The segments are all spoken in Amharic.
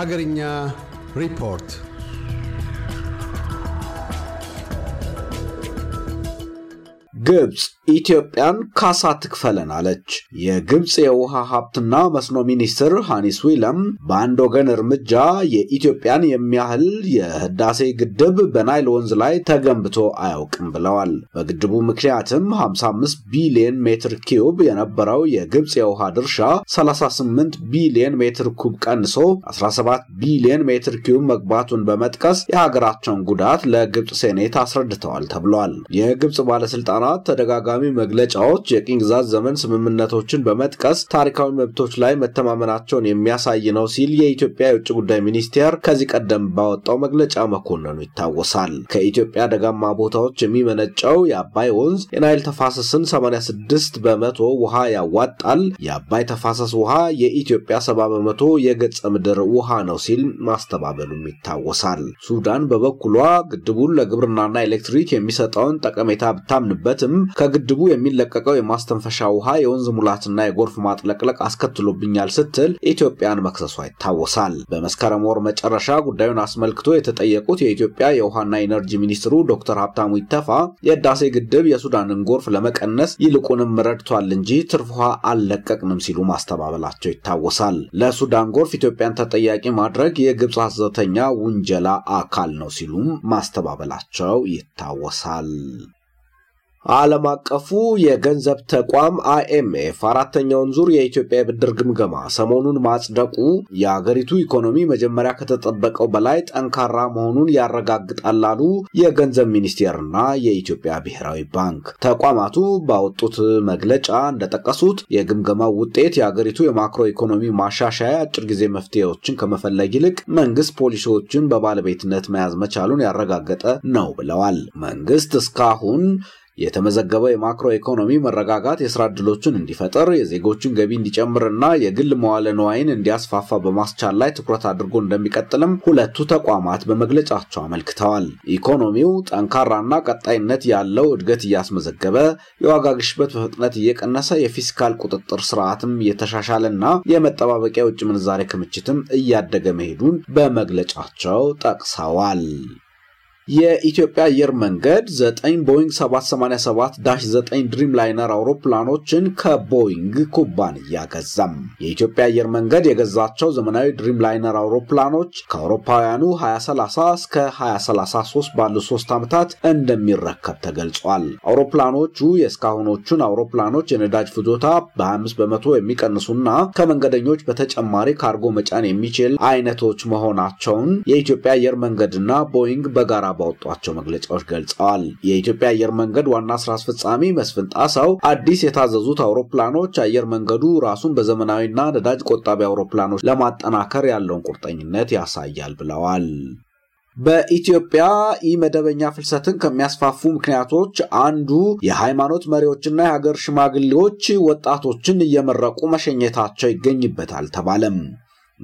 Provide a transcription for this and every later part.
Hagerinya Report ግብፅ ኢትዮጵያን ካሳ ትክፈለን አለች። የግብፅ የውሃ ሀብትና መስኖ ሚኒስትር ሃኒስ ዊለም በአንድ ወገን እርምጃ የኢትዮጵያን የሚያህል የህዳሴ ግድብ በናይል ወንዝ ላይ ተገንብቶ አያውቅም ብለዋል። በግድቡ ምክንያትም 55 ቢሊዮን ሜትር ኪዩብ የነበረው የግብፅ የውሃ ድርሻ 38 ቢሊዮን ሜትር ኩብ ቀንሶ 17 ቢሊዮን ሜትር ኪዩብ መግባቱን በመጥቀስ የሀገራቸውን ጉዳት ለግብፅ ሴኔት አስረድተዋል ተብሏል። የግብፅ ባለስልጣናት ሰባት ተደጋጋሚ መግለጫዎች የቅኝ ግዛት ዘመን ስምምነቶችን በመጥቀስ ታሪካዊ መብቶች ላይ መተማመናቸውን የሚያሳይ ነው ሲል የኢትዮጵያ የውጭ ጉዳይ ሚኒስቴር ከዚህ ቀደም ባወጣው መግለጫ መኮንኑ ይታወሳል። ከኢትዮጵያ ደጋማ ቦታዎች የሚመነጨው የአባይ ወንዝ የናይል ተፋሰስን 86 በመቶ ውሃ ያዋጣል። የአባይ ተፋሰስ ውሃ የኢትዮጵያ 70 በመቶ የገጸ ምድር ውሃ ነው ሲል ማስተባበሉም ይታወሳል። ሱዳን በበኩሏ ግድቡን ለግብርናና ኤሌክትሪክ የሚሰጠውን ጠቀሜታ ብታምንበት ማለትም ከግድቡ የሚለቀቀው የማስተንፈሻ ውሃ የወንዝ ሙላትና የጎርፍ ማጥለቅለቅ አስከትሎብኛል ስትል ኢትዮጵያን መክሰሷ ይታወሳል። በመስከረም ወር መጨረሻ ጉዳዩን አስመልክቶ የተጠየቁት የኢትዮጵያ የውሃና ኢነርጂ ሚኒስትሩ ዶክተር ሀብታሙ ይተፋ የህዳሴ ግድብ የሱዳንን ጎርፍ ለመቀነስ ይልቁንም ረድቷል እንጂ ትርፍ ውሃ አልለቀቅንም ሲሉ ማስተባበላቸው ይታወሳል። ለሱዳን ጎርፍ ኢትዮጵያን ተጠያቂ ማድረግ የግብፅ ሐሰተኛ ውንጀላ አካል ነው ሲሉም ማስተባበላቸው ይታወሳል። ዓለም አቀፉ የገንዘብ ተቋም አይኤምኤፍ አራተኛውን ዙር የኢትዮጵያ የብድር ግምገማ ሰሞኑን ማጽደቁ የአገሪቱ ኢኮኖሚ መጀመሪያ ከተጠበቀው በላይ ጠንካራ መሆኑን ያረጋግጣል አሉ የገንዘብ ሚኒስቴርና የኢትዮጵያ ብሔራዊ ባንክ። ተቋማቱ ባወጡት መግለጫ እንደጠቀሱት የግምገማው ውጤት የአገሪቱ የማክሮ ኢኮኖሚ ማሻሻያ አጭር ጊዜ መፍትሄዎችን ከመፈለግ ይልቅ መንግስት ፖሊሲዎችን በባለቤትነት መያዝ መቻሉን ያረጋገጠ ነው ብለዋል። መንግስት እስካሁን የተመዘገበው የማክሮ ኢኮኖሚ መረጋጋት የስራ ዕድሎችን እንዲፈጥር፣ የዜጎችን ገቢ እንዲጨምርና የግል መዋለ ንዋይን እንዲያስፋፋ በማስቻል ላይ ትኩረት አድርጎ እንደሚቀጥልም ሁለቱ ተቋማት በመግለጫቸው አመልክተዋል። ኢኮኖሚው ጠንካራና ቀጣይነት ያለው እድገት እያስመዘገበ፣ የዋጋ ግሽበት በፍጥነት እየቀነሰ፣ የፊስካል ቁጥጥር ስርዓትም እየተሻሻለና የመጠባበቂያ ውጭ ምንዛሬ ክምችትም እያደገ መሄዱን በመግለጫቸው ጠቅሰዋል። የኢትዮጵያ አየር መንገድ 9 ቦይንግ 787-9 ድሪም ላይነር አውሮፕላኖችን ከቦይንግ ኩባንያ ገዛም። የኢትዮጵያ አየር መንገድ የገዛቸው ዘመናዊ ድሪም ላይነር አውሮፕላኖች ከአውሮፓውያኑ 2030 እስከ 2033 ባሉ ሶስት ዓመታት እንደሚረከብ ተገልጿል። አውሮፕላኖቹ የእስካሁኖቹን አውሮፕላኖች የነዳጅ ፍጆታ በ25 በመቶ የሚቀንሱና ከመንገደኞች በተጨማሪ ካርጎ መጫን የሚችል አይነቶች መሆናቸውን የኢትዮጵያ አየር መንገድና ቦይንግ በጋራ ባወጧቸው መግለጫዎች ገልጸዋል። የኢትዮጵያ አየር መንገድ ዋና ስራ አስፈጻሚ መስፍን ጣሳው አዲስ የታዘዙት አውሮፕላኖች አየር መንገዱ ራሱን በዘመናዊና ነዳጅ ቆጣቢ አውሮፕላኖች ለማጠናከር ያለውን ቁርጠኝነት ያሳያል ብለዋል። በኢትዮጵያ ኢመደበኛ ፍልሰትን ከሚያስፋፉ ምክንያቶች አንዱ የሃይማኖት መሪዎችና የሀገር ሽማግሌዎች ወጣቶችን እየመረቁ መሸኘታቸው ይገኝበታል ተባለም።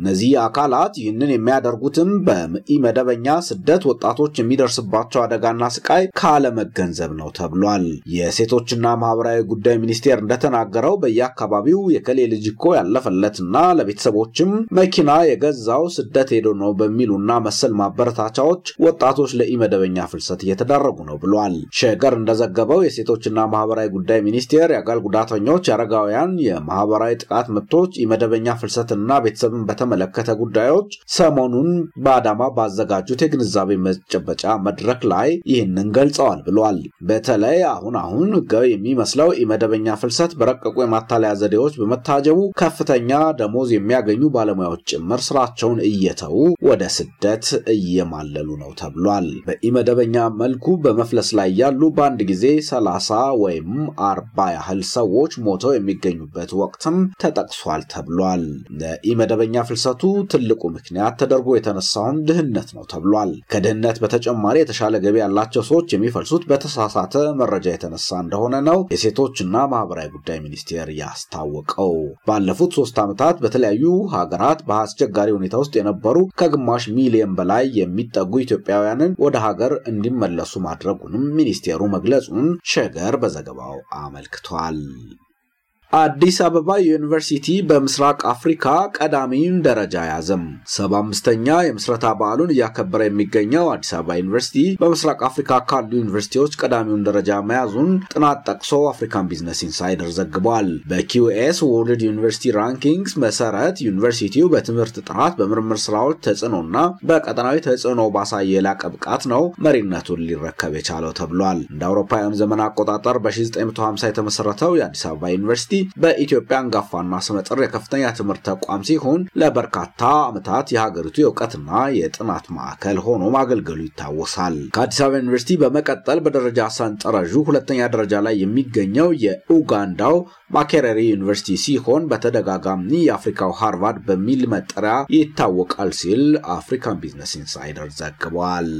እነዚህ አካላት ይህንን የሚያደርጉትም በምኢ መደበኛ ስደት ወጣቶች የሚደርስባቸው አደጋና ስቃይ ካለመገንዘብ ነው ተብሏል። የሴቶችና ማህበራዊ ጉዳይ ሚኒስቴር እንደተናገረው በየአካባቢው የከሌ ልጅ እኮ ያለፈለትና ለቤተሰቦችም መኪና የገዛው ስደት ሄዶ ነው በሚሉና መሰል ማበረታቻዎች ወጣቶች ለኢመደበኛ ፍልሰት እየተዳረጉ ነው ብሏል። ሸገር እንደዘገበው የሴቶችና ማህበራዊ ጉዳይ ሚኒስቴር የአካል ጉዳተኞች፣ የአረጋውያን፣ የማህበራዊ ጥቃት ምቶች፣ ኢመደበኛ ፍልሰትና ቤተሰብን በተ በተመለከተ ጉዳዮች ሰሞኑን በአዳማ ባዘጋጁት የግንዛቤ መጨበጫ መድረክ ላይ ይህንን ገልጸዋል ብሏል። በተለይ አሁን አሁን ህጋዊ የሚመስለው ኢመደበኛ ፍልሰት በረቀቁ የማታለያ ዘዴዎች በመታጀቡ ከፍተኛ ደሞዝ የሚያገኙ ባለሙያዎች ጭምር ስራቸውን እየተዉ ወደ ስደት እየማለሉ ነው ተብሏል። በኢመደበኛ መልኩ በመፍለስ ላይ ያሉ በአንድ ጊዜ ሰላሳ ወይም አርባ ያህል ሰዎች ሞተው የሚገኙበት ወቅትም ተጠቅሷል ተብሏል። ለኢመደበኛ ፍልሰቱ ትልቁ ምክንያት ተደርጎ የተነሳውም ድህነት ነው ተብሏል። ከድህነት በተጨማሪ የተሻለ ገቢ ያላቸው ሰዎች የሚፈልሱት በተሳሳተ መረጃ የተነሳ እንደሆነ ነው የሴቶችና ማህበራዊ ጉዳይ ሚኒስቴር ያስታወቀው። ባለፉት ሶስት ዓመታት በተለያዩ ሀገራት በአስቸጋሪ ሁኔታ ውስጥ የነበሩ ከግማሽ ሚሊዮን በላይ የሚጠጉ ኢትዮጵያውያንን ወደ ሀገር እንዲመለሱ ማድረጉንም ሚኒስቴሩ መግለጹን ሸገር በዘገባው አመልክቷል። አዲስ አበባ ዩኒቨርሲቲ በምስራቅ አፍሪካ ቀዳሚውን ደረጃ ያዘም። ሰባ አምስተኛ የምስረታ በዓሉን እያከበረ የሚገኘው አዲስ አበባ ዩኒቨርሲቲ በምስራቅ አፍሪካ ካሉ ዩኒቨርሲቲዎች ቀዳሚውን ደረጃ መያዙን ጥናት ጠቅሶ አፍሪካን ቢዝነስ ኢንሳይደር ዘግቧል። በኪዩኤስ ወርልድ ዩኒቨርሲቲ ራንኪንግስ መሰረት ዩኒቨርሲቲው በትምህርት ጥራት፣ በምርምር ስራዎች ተጽዕኖና በቀጠናዊ ተጽዕኖ ባሳየ የላቀ ብቃት ነው መሪነቱን ሊረከብ የቻለው ተብሏል። እንደ አውሮፓውያኑ ዘመን አቆጣጠር በ1950 የተመሰረተው የአዲስ አበባ ዩኒቨርሲቲ በኢትዮጵያ አንጋፋና ስመጥር የከፍተኛ ትምህርት ተቋም ሲሆን ለበርካታ ዓመታት የሀገሪቱ የእውቀትና የጥናት ማዕከል ሆኖ ማገልገሉ ይታወሳል። ከአዲስ አበባ ዩኒቨርሲቲ በመቀጠል በደረጃ ሰንጠረዡ ሁለተኛ ደረጃ ላይ የሚገኘው የኡጋንዳው ማኬሬሪ ዩኒቨርሲቲ ሲሆን በተደጋጋሚ የአፍሪካው ሃርቫርድ በሚል መጠሪያ ይታወቃል ሲል አፍሪካን ቢዝነስ ኢንሳይደር ዘግቧል።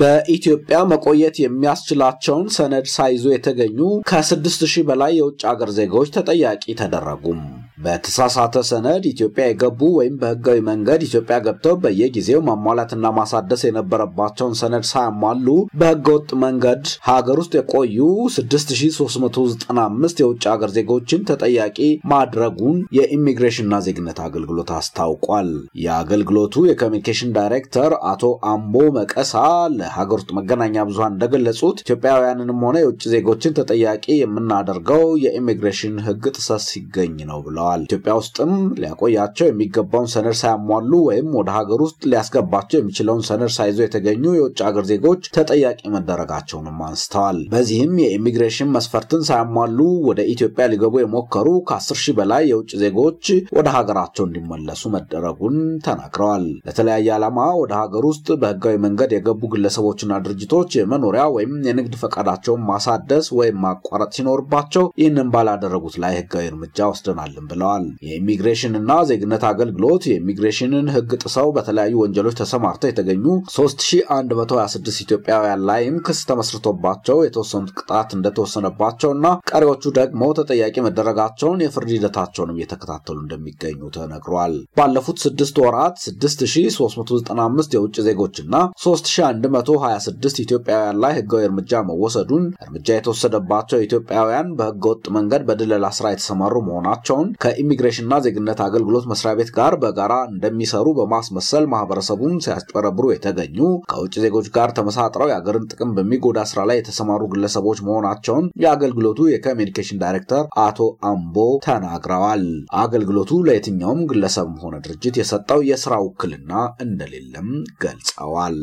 በኢትዮጵያ መቆየት የሚያስችላቸውን ሰነድ ሳይዙ የተገኙ ከስድስት ሺህ በላይ የውጭ አገር ዜጋዎች ተጠያቂ ተደረጉም። በተሳሳተ ሰነድ ኢትዮጵያ የገቡ ወይም በህጋዊ መንገድ ኢትዮጵያ ገብተው በየጊዜው ማሟላትና ማሳደስ የነበረባቸውን ሰነድ ሳያሟሉ በህገወጥ መንገድ ሀገር ውስጥ የቆዩ 6395 የውጭ ሀገር ዜጎችን ተጠያቂ ማድረጉን የኢሚግሬሽንና ዜግነት አገልግሎት አስታውቋል። የአገልግሎቱ የኮሚኒኬሽን ዳይሬክተር አቶ አምቦ መቀሳ ለሀገር ውስጥ መገናኛ ብዙሃን እንደገለጹት ኢትዮጵያውያንንም ሆነ የውጭ ዜጎችን ተጠያቂ የምናደርገው የኢሚግሬሽን ህግ ጥሰት ሲገኝ ነው ብለዋል። ብለዋል። ኢትዮጵያ ውስጥም ሊያቆያቸው የሚገባውን ሰነድ ሳያሟሉ ወይም ወደ ሀገር ውስጥ ሊያስገባቸው የሚችለውን ሰነድ ሳይዞ የተገኙ የውጭ ሀገር ዜጎች ተጠያቂ መደረጋቸውንም አንስተዋል። በዚህም የኢሚግሬሽን መስፈርትን ሳያሟሉ ወደ ኢትዮጵያ ሊገቡ የሞከሩ ከአስር ሺህ በላይ የውጭ ዜጎች ወደ ሀገራቸው እንዲመለሱ መደረጉን ተናግረዋል። ለተለያየ ዓላማ ወደ ሀገር ውስጥ በህጋዊ መንገድ የገቡ ግለሰቦችና ድርጅቶች የመኖሪያ ወይም የንግድ ፈቃዳቸውን ማሳደስ ወይም ማቋረጥ ሲኖርባቸው ይህንን ባላደረጉት ላይ ህጋዊ እርምጃ ወስደናልን ብለዋል። የኢሚግሬሽንና ዜግነት አገልግሎት የኢሚግሬሽንን ህግ ጥሰው በተለያዩ ወንጀሎች ተሰማርተው የተገኙ 3126 ኢትዮጵያውያን ላይም ክስ ተመስርቶባቸው የተወሰኑት ቅጣት እንደተወሰነባቸውና ቀሪዎቹ ደግሞ ተጠያቂ መደረጋቸውን የፍርድ ሂደታቸውንም እየተከታተሉ እንደሚገኙ ተነግሯል። ባለፉት ስድስት ወራት 6395 የውጭ ዜጎችና 3126 ኢትዮጵያውያን ላይ ህጋዊ እርምጃ መወሰዱን እርምጃ የተወሰደባቸው ኢትዮጵያውያን በህገ ወጥ መንገድ በድለላ ስራ የተሰማሩ መሆናቸውን ከኢሚግሬሽንና ዜግነት አገልግሎት መስሪያ ቤት ጋር በጋራ እንደሚሰሩ በማስመሰል ማህበረሰቡን ሲያጭበረብሩ የተገኙ ከውጭ ዜጎች ጋር ተመሳጥረው የአገርን ጥቅም በሚጎዳ ስራ ላይ የተሰማሩ ግለሰቦች መሆናቸውን የአገልግሎቱ የኮሚኒኬሽን ዳይሬክተር አቶ አምቦ ተናግረዋል። አገልግሎቱ ለየትኛውም ግለሰብም ሆነ ድርጅት የሰጠው የስራ ውክልና እንደሌለም ገልጸዋል።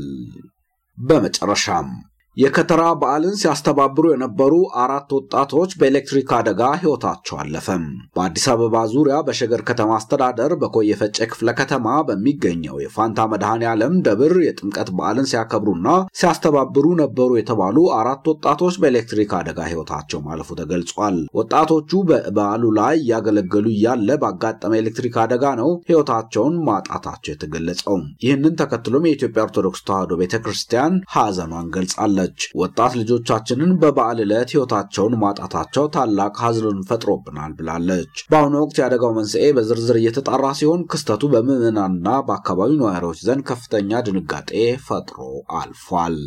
በመጨረሻም የከተራ በዓልን ሲያስተባብሩ የነበሩ አራት ወጣቶች በኤሌክትሪክ አደጋ ሕይወታቸው አለፈም። በአዲስ አበባ ዙሪያ በሸገር ከተማ አስተዳደር በኮየፈጨ ክፍለ ከተማ በሚገኘው የፋንታ መድኃኔ ዓለም ደብር የጥምቀት በዓልን ሲያከብሩና ሲያስተባብሩ ነበሩ የተባሉ አራት ወጣቶች በኤሌክትሪክ አደጋ ሕይወታቸው ማለፉ ተገልጿል። ወጣቶቹ በበዓሉ ላይ እያገለገሉ እያለ ባጋጠመ ኤሌክትሪክ አደጋ ነው ሕይወታቸውን ማጣታቸው የተገለጸው። ይህንን ተከትሎም የኢትዮጵያ ኦርቶዶክስ ተዋሕዶ ቤተ ክርስቲያን ሐዘኗን ገልጻለ ለች። ወጣት ልጆቻችንን በበዓል ዕለት ሕይወታቸውን ማጣታቸው ታላቅ ሐዘንን ፈጥሮብናል ብላለች። በአሁኑ ወቅት የአደጋው መንስኤ በዝርዝር እየተጣራ ሲሆን ክስተቱ በምዕመናንና በአካባቢው ነዋሪዎች ዘንድ ከፍተኛ ድንጋጤ ፈጥሮ አልፏል።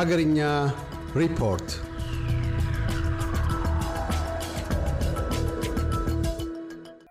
ሀገርኛ ሪፖርት